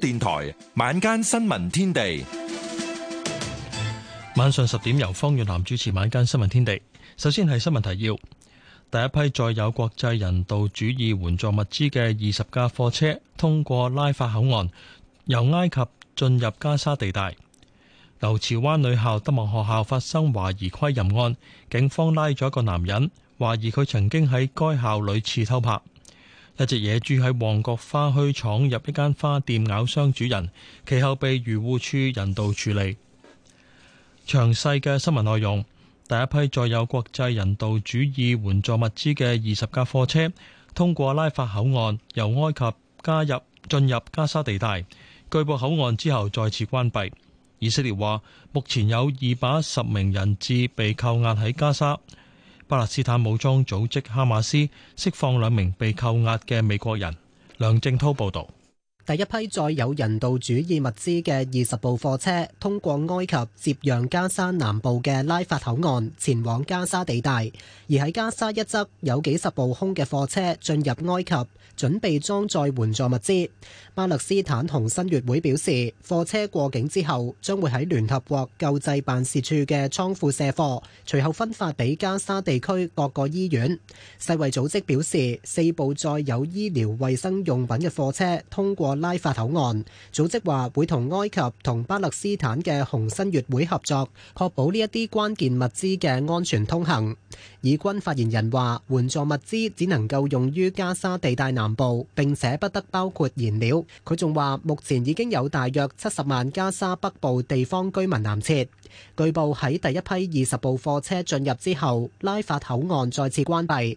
電台晚間新聞天地，晚上十點由方月南主持晚間新聞天地。首先係新聞提要：第一批載有國際人道主義援助物資嘅二十架貨車通過拉法口岸，由埃及進入加沙地帶。牛池灣女校德望學校發生懷疑窺淫案，警方拉咗一個男人，懷疑佢曾經喺該校屢次偷拍。一隻野豬喺旺角花墟闖入一間花店咬傷主人，其後被漁護處人道處理。詳細嘅新聞內容，第一批載有國際人道主義援助物資嘅二十架貨車通過拉法口岸，由埃及加入進入加沙地帶，據報口岸之後再次關閉。以色列話，目前有二百一十名人質被扣押喺加沙。巴勒斯坦武裝組織哈馬斯釋放兩名被扣押嘅美國人。梁正濤報道。第一批載有人道主義物資嘅二十部貨車通過埃及接壤加沙南部嘅拉法口岸前往加沙地帶，而喺加沙一側有幾十部空嘅貨車進入埃及，準備裝載援助物資，巴勒斯坦紅新月會表示，貨車過境之後將會喺聯合國救濟辦事處嘅倉庫卸貨，隨後分發俾加沙地區各個醫院。世衛組織表示，四部載有醫療衛生用品嘅貨車通過。拉法口岸組織，話會同埃及同巴勒斯坦嘅紅新月會合作，確保呢一啲關鍵物資嘅安全通行。以軍發言人話，援助物資只能夠用於加沙地帶南部，並且不得包括燃料。佢仲話，目前已經有大約七十萬加沙北部地方居民南撤。據報喺第一批二十部貨車進入之後，拉法口岸再次關閉。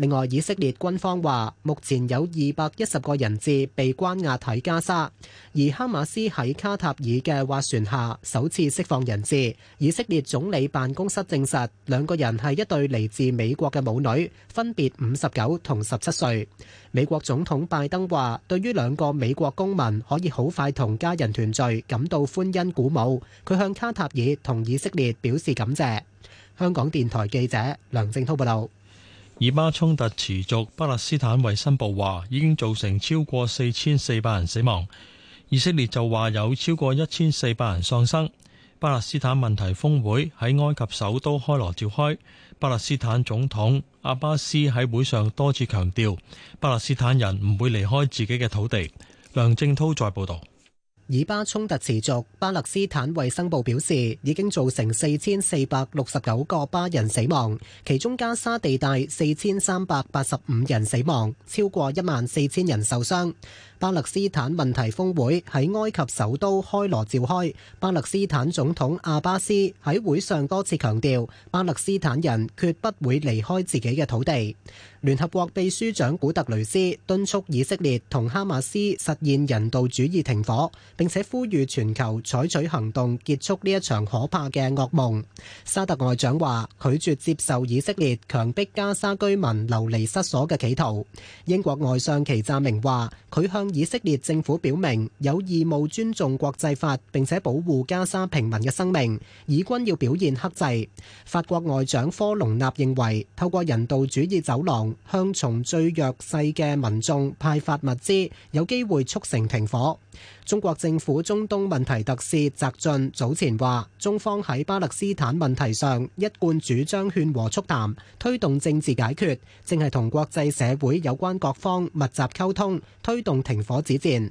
另外，以色列軍方話，目前有二百一十個人質被關押喺加沙，而哈馬斯喺卡塔爾嘅斡旋下首次釋放人質。以色列總理辦公室證實，兩個人係一對嚟自美國嘅母女，分別五十九同十七歲。美國總統拜登話，對於兩個美國公民可以好快同家人團聚，感到歡欣鼓舞。佢向卡塔爾同以色列表示感謝。香港電台記者梁正滔報道。以巴衝突持續，巴勒斯坦衞生部話已經造成超過四千四百人死亡，以色列就話有超過一千四百人喪生。巴勒斯坦問題峰會喺埃及首都開羅召開，巴勒斯坦總統阿巴斯喺會上多次強調，巴勒斯坦人唔會離開自己嘅土地。梁正滔在報導。以巴衝突持續，巴勒斯坦衛生部表示，已經造成四千四百六十九個巴人死亡，其中加沙地帶四千三百八十五人死亡，超過一萬四千人受傷。巴勒斯坦問題峰會喺埃及首都開羅召開，巴勒斯坦總統阿巴斯喺會上多次強調，巴勒斯坦人決不會離開自己嘅土地。聯合國秘書長古特雷斯敦促以色列同哈馬斯實現人道主義停火，並且呼籲全球採取行動結束呢一場可怕嘅噩夢。沙特外長話拒絕接受以色列強迫加沙居民流離失所嘅企圖。英國外相祁湛明話，佢向以色列政府表明有義務尊重國際法，並且保護加沙平民嘅生命。以軍要表現克制。法國外長科隆納認為透過人道主義走廊向從最弱勢嘅民眾派發物資，有機會促成停火。中國政府中東問題特使翟俊早前話：中方喺巴勒斯坦問題上，一貫主張勸和促談，推動政治解決，正係同國際社會有關各方密集溝通，推動停火止戰。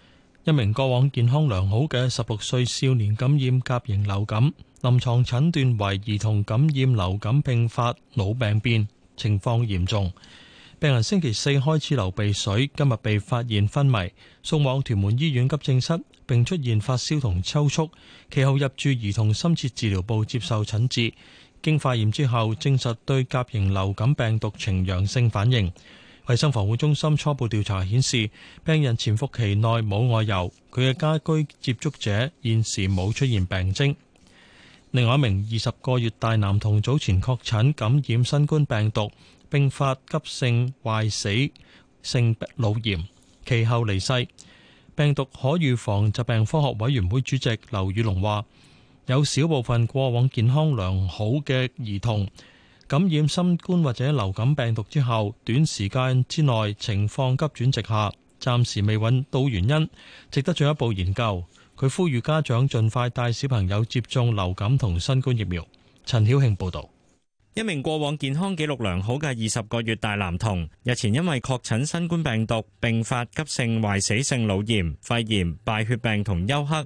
一名過往健康良好嘅十六歲少年感染甲型流感，臨床診斷為兒童感染流感併發腦病變，情況嚴重。病人星期四開始流鼻水，今日被發現昏迷，送往屯門醫院急症室，並出現發燒同抽搐，其後入住兒童深切治療部接受診治。經化驗之後，證實對甲型流感病毒呈陽性反應。衛生防護中心初步調查顯示，病人潛伏期內冇外遊，佢嘅家居接觸者現時冇出現病徵。另外一名二十個月大男童早前確診感染新冠病毒，併發急性壞死性腦炎，其後離世。病毒可預防疾病科學委員會主席劉宇龍話，有小部分過往健康良好嘅兒童。感染新冠或者流感病毒之後，短時間之內情況急轉直下，暫時未揾到原因，值得進一步研究。佢呼籲家長盡快帶小朋友接種流感同新冠疫苗。陳曉慶報道。一名過往健康記錄良好嘅二十個月大男童，日前因為確診新冠病毒，併發急性壞死性腦炎、肺炎、敗血病同休克。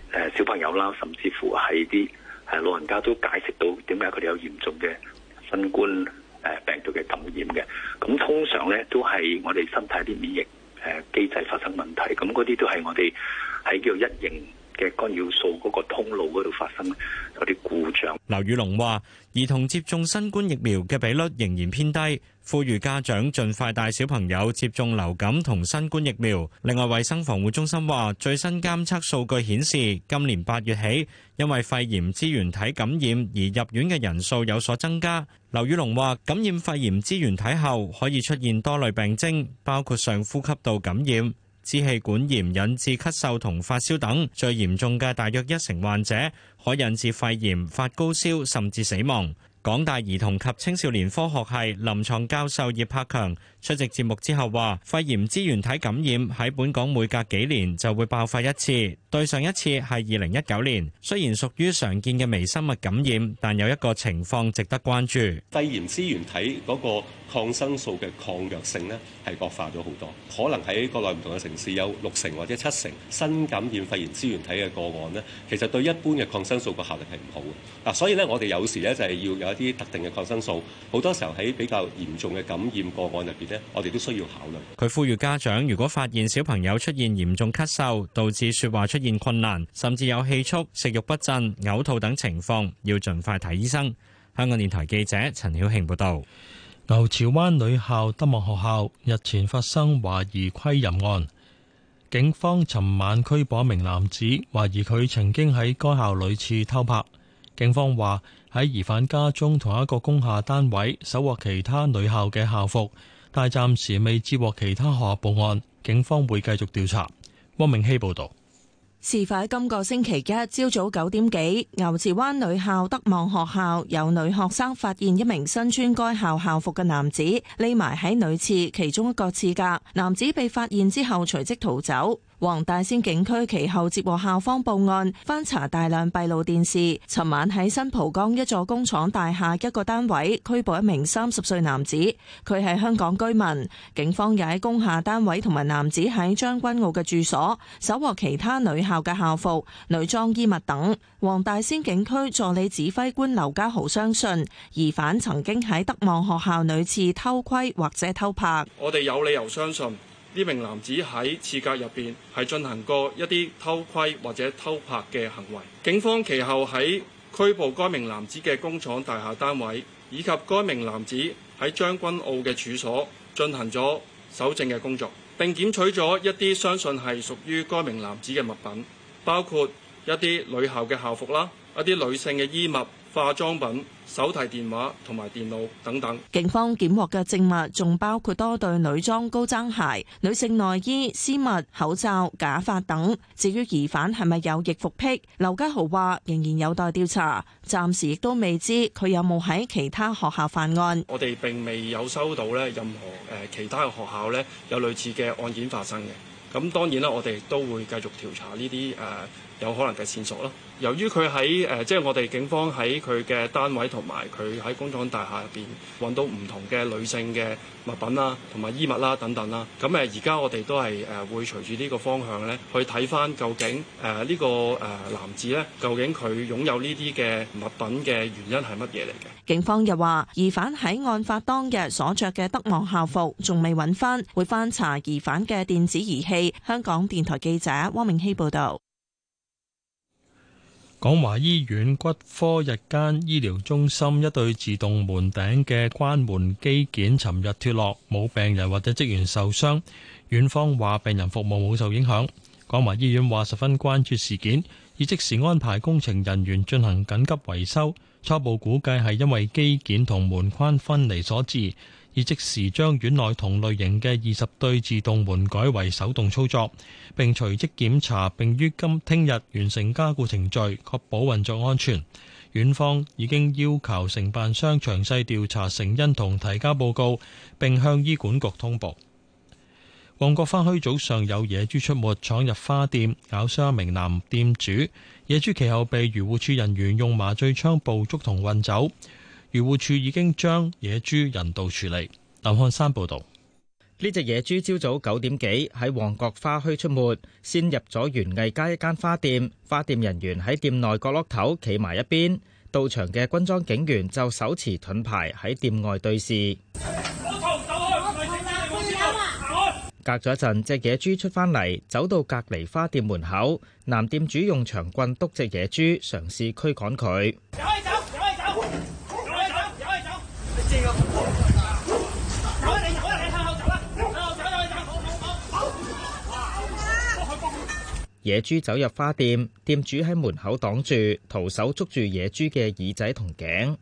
誒小朋友啦，甚至乎係啲誒老人家都解釋到點解佢哋有嚴重嘅新冠誒病毒嘅感染嘅。咁通常咧都係我哋身體啲免疫誒機制發生問題，咁嗰啲都係我哋喺叫做一型。嘅干擾素嗰個通路嗰度發生有啲故障。劉宇龍話：兒童接種新冠疫苗嘅比率仍然偏低，呼籲家長盡快帶小朋友接種流感同新冠疫苗。另外，衛生防護中心話，最新監測數據顯示，今年八月起，因為肺炎支原體感染而入院嘅人數有所增加。劉宇龍話：感染肺炎支原體後，可以出現多類病徵，包括上呼吸道感染。支氣管炎引致咳嗽同發燒等，最嚴重嘅大約一成患者可引致肺炎、發高燒甚至死亡。港大兒童及青少年科學系臨牀教授葉柏強，出席節目之後話：肺炎支原體感染喺本港每隔幾年就會爆發一次，對上一次係二零一九年。雖然屬於常見嘅微生物感染，但有一個情況值得關注。肺炎支原體嗰個抗生素嘅抗藥性呢，係惡化咗好多，可能喺國內唔同嘅城市有六成或者七成新感染肺炎支原體嘅個案呢，其實對一般嘅抗生素個效力係唔好嘅。嗱，所以呢，我哋有時呢，就係要有一啲特定嘅抗生素，好多時候喺比較嚴重嘅感染個案入邊。我哋都需要考慮佢。呼籲家長，如果發現小朋友出現嚴重咳嗽，導致説話出現困難，甚至有氣促、食欲不振、嘔吐等情況，要盡快睇醫生。香港電台記者陳曉慶報道。牛池灣女校德望學校日前發生懷疑窺淫案，警方尋晚拘捕一名男子，懷疑佢曾經喺該校屢次偷拍。警方話喺疑犯家中同一個工廈單位搜獲其他女校嘅校服，但暫時未接獲其他學校報案，警方會繼續調查。汪明熙報導。事發喺今個星期一朝早九點幾，牛池灣女校德望學校有女學生發現一名身穿該校校服嘅男子匿埋喺女廁其中一個廁格，男子被發現之後隨即逃走。黃大仙警區其後接獲校方報案，翻查大量閉路電視。尋晚喺新蒲崗一座工廠大廈一個單位拘捕一名三十歲男子，佢係香港居民。警方也喺工廈單位同埋男子喺將軍澳嘅住所搜獲其他女校嘅校服、女裝衣物等。黃大仙警區助理指揮官劉家豪相信，疑犯曾經喺德望學校女廁偷窺或者偷拍。我哋有理由相信。呢名男子喺廁格入邊係進行過一啲偷窺或者偷拍嘅行為，警方其後喺拘捕該名男子嘅工廠大廈單位，以及該名男子喺將軍澳嘅處所進行咗搜證嘅工作，並檢取咗一啲相信係屬於該名男子嘅物品，包括一啲女校嘅校服啦，一啲女性嘅衣物。化妝品、手提電話同埋電腦等等。警方檢獲嘅證物仲包括多對女裝高踭鞋、女性內衣、絲襪、口罩、假髮等。至於疑犯係咪有易服癖，劉家豪話仍然有待調查，暫時亦都未知佢有冇喺其他學校犯案。我哋並未有收到咧任何誒其他學校咧有類似嘅案件發生嘅。咁當然啦，我哋都會繼續調查呢啲誒。呃有可能嘅線索咯。由於佢喺誒，即係我哋警方喺佢嘅單位同埋佢喺工廠大廈入邊揾到唔同嘅女性嘅物品啦，同埋衣物啦等等啦。咁誒而家我哋都係誒會隨住呢個方向咧，去睇翻究竟誒呢個誒男子咧，究竟佢擁有呢啲嘅物品嘅原因係乜嘢嚟嘅？警方又話疑犯喺案發當日所着嘅德望校服仲未揾翻，會翻查疑犯嘅電子儀器。香港電台記者汪明希報道。港華醫院骨科日間醫療中心一對自動門頂嘅關門機件尋日脫落，冇病人或者職員受傷。院方話病人服務冇受影響。港華醫院話十分關注事件，已即時安排工程人員進行緊急維修。初步估計係因為機件同門框分離所致。已即時將院內同類型嘅二十對自動門改為手動操作，並隨即檢查，並於今聽日完成加固程序，確保運作安全。院方已經要求承辦商詳細調查成因同提交報告，並向醫管局通報。旺角花墟早上有野豬出沒，闖入花店，咬傷一名男店主，野豬其後被漁護署人員用麻醉槍捕捉同運走。漁護署已經將野豬人道處理。林漢山報導，呢隻野豬朝早九點幾喺旺角花墟出沒，先入咗園藝街一間花店，花店人員喺店內角落頭企埋一邊，到場嘅軍裝警員就手持盾牌喺店外對視。隔咗一陣，隻野豬出翻嚟，走到隔離花店門口，男店主用長棍篤隻野豬，嘗試驅趕佢。野豬走入花店，店主喺門口擋住，徒手捉住野豬嘅耳仔同頸。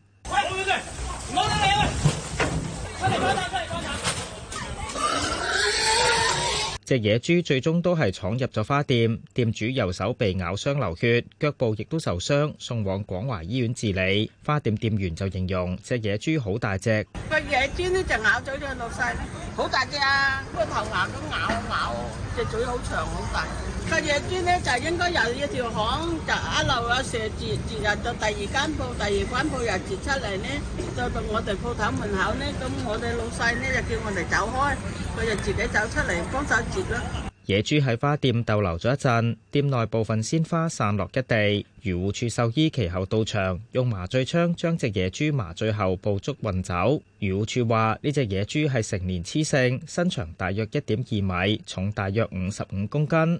隻野豬最終都係闖入咗花店，店主右手被咬傷流血，腳部亦都受傷，送往廣華醫院治理。花店店員就形容隻野豬好大隻，個野豬咧就咬咗我老細咧，好大隻啊，個頭硬咁咬咬，隻嘴好長好大。個野豬咧就應該由一條巷，就一路嘅蛇截截入咗第二間鋪，第二間鋪又截出嚟咧，就到我哋鋪頭門口咧，咁我哋老細咧就叫我哋走開，佢就自己走出嚟幫手截。野豬喺花店逗留咗一陣，店內部分鮮花散落一地。漁護處獸醫其後到場，用麻醉槍將隻野豬麻醉後捕捉運走。漁護處話，呢隻野豬係成年雌性，身長大約一點二米，重大約五十五公斤。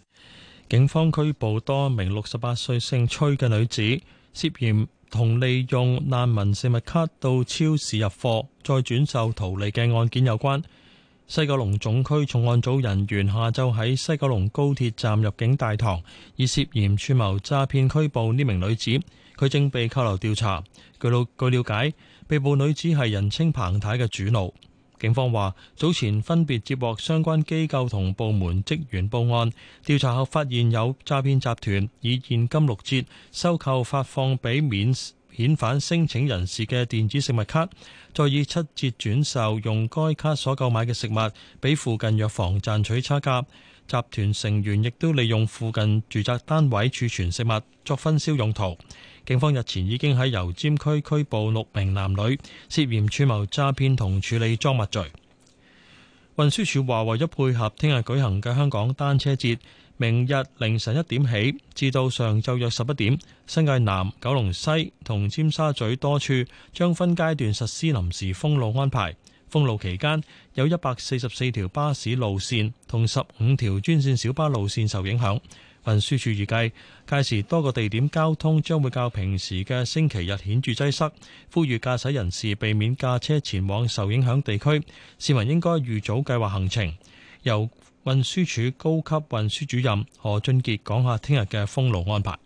警方拘捕多名六十八歲姓崔嘅女子，涉嫌同利用難民食物卡到超市入貨，再轉售逃離嘅案件有關。西九龍總區重案組人員下晝喺西九龍高鐵站入境大堂，以涉嫌串謀詐騙拘捕呢名女子，佢正被扣留調查。據據了解，被捕女子係人稱彭太嘅主腦。警方話：早前分別接獲相關機構同部門職員報案，調查後發現有詐騙集團以現金六折收購發放俾免遣返申請人士嘅電子食物卡，再以七折轉售用該卡所購買嘅食物，俾附近藥房賺取差價。集團成員亦都利用附近住宅單位儲存食物作分銷用途。警方日前已經喺油尖區拘捕六名男女，涉嫌串謀詐騙同處理贓物罪。運輸署話為咗配合聽日舉行嘅香港單車節，明日凌晨一點起至到上晝約十一點，新界南、九龍西同尖沙咀多處將分階段實施臨時封路安排。封路期間有一百四十四條巴士路線同十五條專線小巴路線受影響。運輸署預計屆時多個地點交通將會較平時嘅星期日顯著擠塞，塞，呼籲駕駛人士避免駕車前往受影響地區。市民應該預早計劃行程。由運輸署高級運輸主任何俊杰講下聽日嘅封路安排。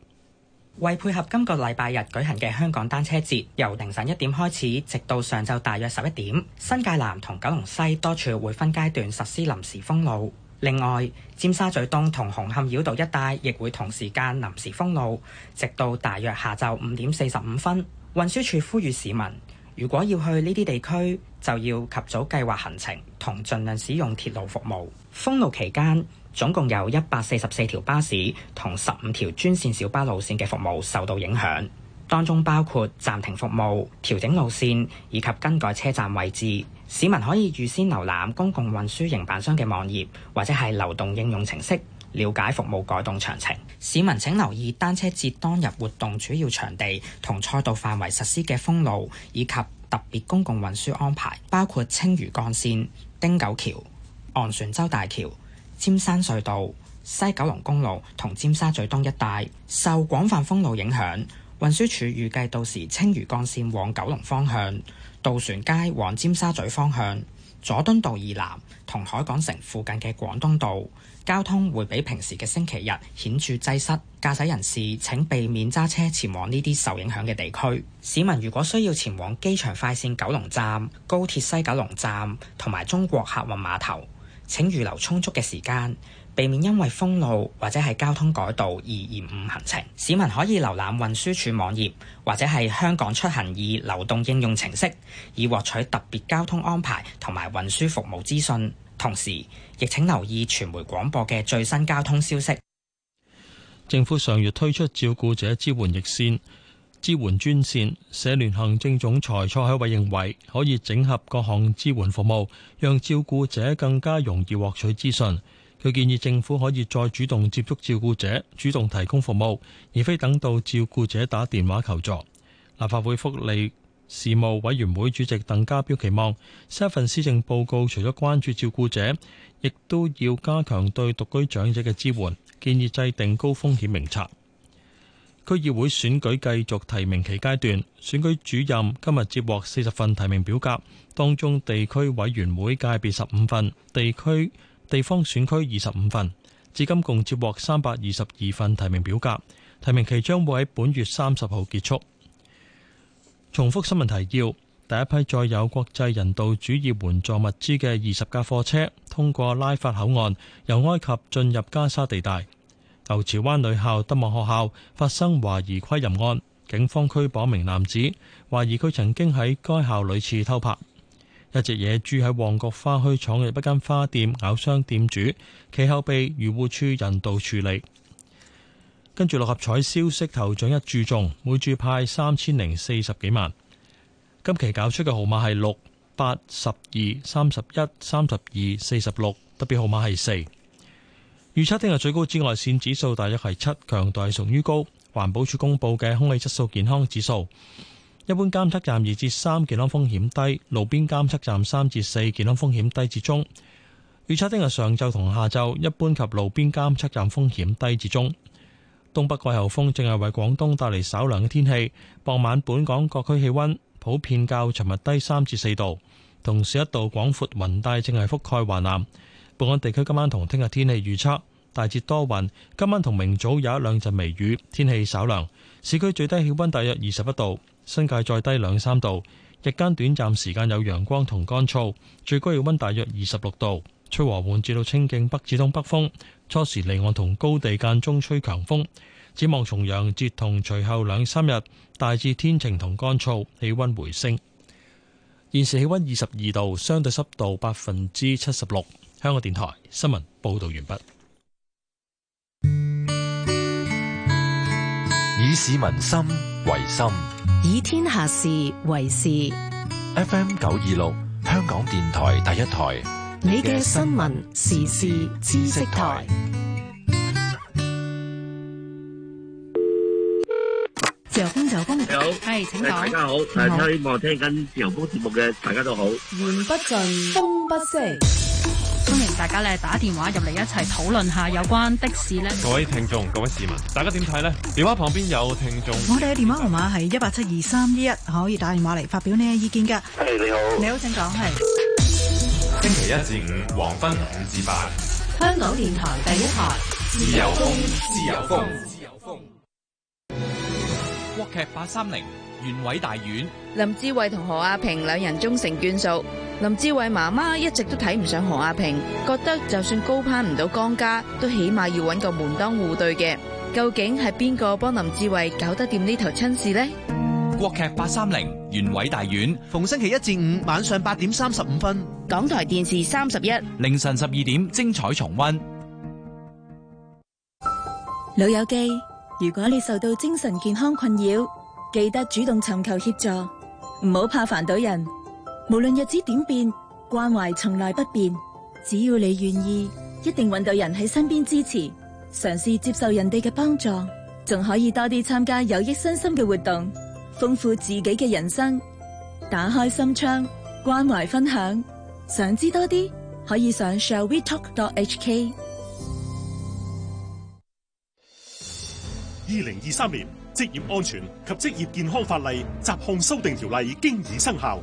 為配合今個禮拜日舉行嘅香港單車節，由凌晨一點開始，直到上晝大約十一點，新界南同九龍西多處會分階段實施臨時封路。另外，尖沙咀東同紅磡繞道一帶亦會同時間臨時封路，直到大約下晝五點四十五分。運輸署呼籲市民，如果要去呢啲地區，就要及早計劃行程，同盡量使用鐵路服務。封路期間，總共有一百四十四條巴士同十五條專線小巴路線嘅服務受到影響，當中包括暫停服務、調整路線以及更改車站位置。市民可以預先瀏覽公共運輸營辦商嘅網頁或者係流動應用程式，了解服務改動詳情。市民請留意單車節當日活動主要場地同賽道範圍實施嘅封路，以及特別公共運輸安排，包括青嶼幹線、汀九橋、昂船洲大橋、尖山隧道、西九龍公路同尖沙咀東一帶受廣泛封路影響，運輸署預計到時青嶼幹線往九龍方向、渡船街往尖沙咀方向、佐敦道以南同海港城附近嘅廣東道，交通會比平時嘅星期日顯著擠塞，駕駛人士請避免揸車前往呢啲受影響嘅地區。市民如果需要前往機場快綫九龍站、高鐵西九龍站同埋中國客運碼頭，請預留充足嘅時間。避免因為封路或者係交通改道而延誤行程。市民可以瀏覽運輸署網頁或者係香港出行易流動應用程式，以獲取特別交通安排同埋運輸服務資訊。同時，亦請留意傳媒廣播嘅最新交通消息。政府上月推出照顧者支援逆線支援專線，社聯行政總裁蔡海偉認為可以整合各項支援服務，讓照顧者更加容易獲取資訊。佢建議政府可以再主動接觸照顧者，主動提供服務，而非等到照顧者打電話求助。立法會福利事務委員會主席鄧家彪期望，新一份施政報告除咗關注照顧者，亦都要加強對獨居長者嘅支援，建議制定高風險名冊。區議會選舉繼續提名期階段，選舉主任今日接獲四十份提名表格，當中地區委員會界別十五份，地區地方選區二十五份，至今共接獲三百二十二份提名表格，提名期將會喺本月三十號結束。重複新聞提要：第一批載有國際人道主義援助物資嘅二十架貨車通過拉法口岸，由埃及進入加沙地帶。牛池灣女校德望學校發生懷疑窺淫案，警方拘捕一名男子，懷疑佢曾經喺該校女廁偷拍。一隻野豬喺旺角花墟闖入一間花店咬傷店主，其後被漁護處人道處理。跟住六合彩消息，頭獎一注中，每注派三千零四十幾萬。今期攪出嘅號碼係六八十二三十一三十二四十六，特別號碼係四。預測聽日最高紫外線指數大約係七，強度係屬於高。環保署公布嘅空氣質素健康指數，一般監測站二至三，健康風險低，路邊監測站三至四，健康風險低至中。預測聽日上晝同下晝一般及路邊監測站風險低至中。東北季候風正係為廣東帶嚟稍涼嘅天氣。傍晚本港各區氣溫普遍較尋日低三至四度，同時一度廣闊雲帶正係覆蓋華南。本港地區今晚同聽日天氣預測，大致多雲，今晚同明早有一兩陣微雨，天氣稍涼。市區最低氣溫大約二十一度。新界再低兩三度，日間短暫時間有陽光同乾燥，最高氣温大約二十六度，吹和緩至到清勁北至東北風。初時離岸同高地間中吹強風，展望重陽節同隨後兩三日大致天晴同乾燥，氣温回升。現時氣温二十二度，相對濕度百分之七十六。香港電台新聞報導完畢，以市民心為心。以天下事為事。FM 九二六香港電台第一台，你嘅新聞時事知識台。自由風，自由風，係，請講。大家好，係希望聽緊自由風節目嘅大家都好。言不盡，風不息。歡迎大家咧打電話入嚟，一齊討論下有關的士呢。各位聽眾、各位市民，大家點睇呢？電話旁邊有聽眾。我哋嘅電話號碼係一八七二三一一，可以打電話嚟發表你嘅意見噶。你好。你好，請講。係。星期一至五黃昏五至八。香港電台第一台，自由風、風、風，自由風，自由風。國劇八三零，原委大院。林志偉同何亞平兩人終成眷屬。林志偉媽媽一直都睇唔上何亞平，覺得就算高攀唔到江家，都起碼要揾個門當戶對嘅。究竟係邊個幫林志偉搞得掂呢頭親事呢？國劇八三零、袁偉大院，逢星期一至五晚上八點三十五分，港台電視三十一凌晨十二點精彩重溫。老友記，如果你受到精神健康困擾，記得主動尋求協助，唔好怕煩到人。無論日子點變，關懷從來不變。只要你願意，一定搵到人喺身邊支持。嘗試接受人哋嘅幫助，仲可以多啲參加有益身心嘅活動，豐富自己嘅人生。打開心窗，關懷分享。想知多啲，可以上 shall we talk dot h k。二零二三年職業安全及職業健康法例集控修訂條例經已生效。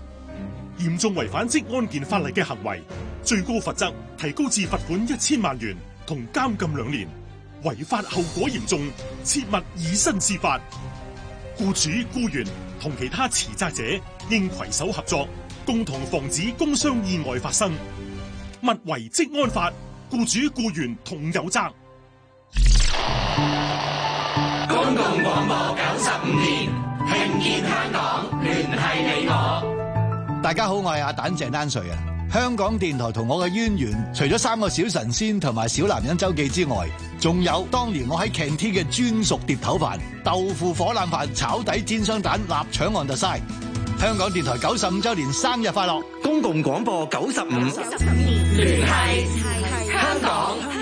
嚴重違反職安健法例嘅行為，最高罰則提高至罰款一千萬元同監禁兩年。違法後果嚴重，切勿以身試法。僱主、僱員同其他持份者應攜手合作，共同防止工傷意外發生。勿違職安法，僱主僱員同有責。公共廣播九十五年，聽見香港。大家好，我係阿蛋鄭丹瑞啊！香港電台同我嘅淵源，除咗三個小神仙同埋小男人周記之外，仲有當年我喺晴天嘅專屬碟頭飯、豆腐火腩飯、炒底煎雙蛋、臘腸按特晒。香港電台九十五周年生日快樂！公共廣播九十五年聯繫係香港。香港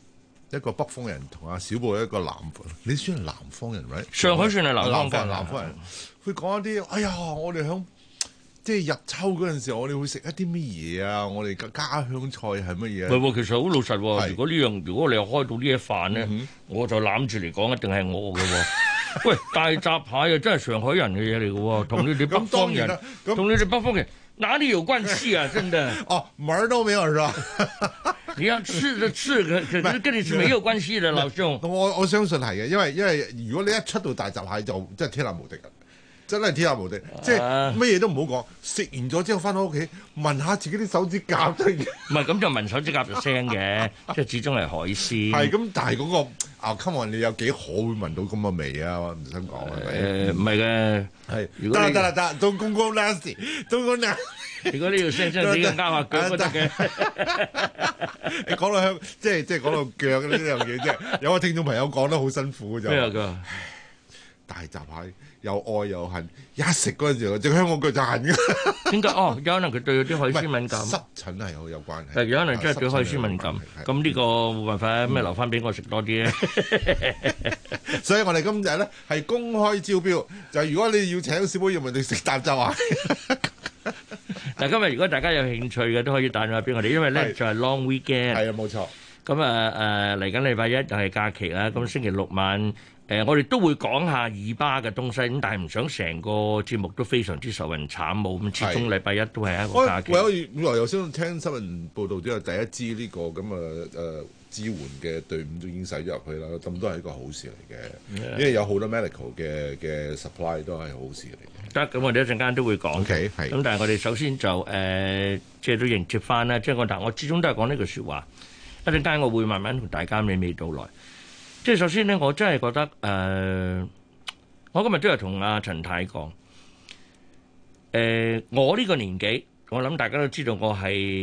一個北方人同阿小布一個南方，你算係南方人咪？上海算係南方人？南方人。佢講一啲，哎呀，我哋響即係入秋嗰陣時，我哋會食一啲乜嘢啊？我哋嘅家鄉菜係乜嘢？唔係喎，其實好老實喎。如果呢樣，如果你又開到呢一飯咧，我就攬住嚟講，一定係我㗎喎。喂，大閘蟹啊，真係上海人嘅嘢嚟㗎喎，同你哋北方人，同你哋北方人，哪裏有關係啊， 啊？真的哦，門都沒有，是 吧？你要吃就吃，可可是跟你是沒有關係的，老兄 鬆。我我相信係嘅，因為因為如果你一出到大閘蟹就真係天下無敵嘅，真係天下無敵，啊、即係乜嘢都唔好講。食完咗之後翻到屋企，聞下自己啲手指甲唔係咁就聞手指甲聲 就聲嘅，即係始終係海鮮。係咁，但係嗰個。啊 come on 你有幾可會聞到咁嘅味啊？我唔想講係咪？誒唔係嘅，係得啦得啦得，don't go last，don't go now。如果你要 s 聲啲嘅鈎下腳都得嘅。你講到香，即係即係講到腳呢樣嘢啫。有個聽眾朋友講得好辛苦就咩大閘蟹。又愛又恨，一食嗰陣時，我整香港腳就痕嘅。點解？哦，有可能佢對啲海鮮敏感。濕疹係好有關係。嗯、有可能真係對海鮮敏感。咁呢、嗯嗯呢個冇辦法，咩留翻俾我食多啲。所以我哋今日咧係公開招標，就係、是、如果你要請小妹入嚟食大酒啊。 但係今日如果大家有興趣嘅，都可以打電話俾我哋，因為咧就係 long weekend。係啊是，冇錯。咁啊誒，嚟緊禮拜一就係假期啦。咁星期六晚。誒、呃，我哋都會講下二巴嘅東西，咁但係唔想成個節目都非常之受人慘無咁，始終禮拜一都係一個假期、哎。我我原來又先聽新聞報導，都有第一支呢、這個咁啊誒支援嘅隊伍都已經使咗入去啦，咁都係一個好事嚟嘅，的因為有好多 medical 嘅嘅 supply 都係好事嚟。嘅的。得，咁、嗯、我哋一陣間都會講。咁、okay, 嗯、但係我哋首先就誒、呃，借到迎接翻啦。即係我嗱，我始終都係講呢句説話。一陣間我會慢慢同大家娓娓道來。即係首先呢，我真係覺得誒、呃，我今日都係同阿陳太講，誒、呃，我呢個年紀，我諗大家都知道我係。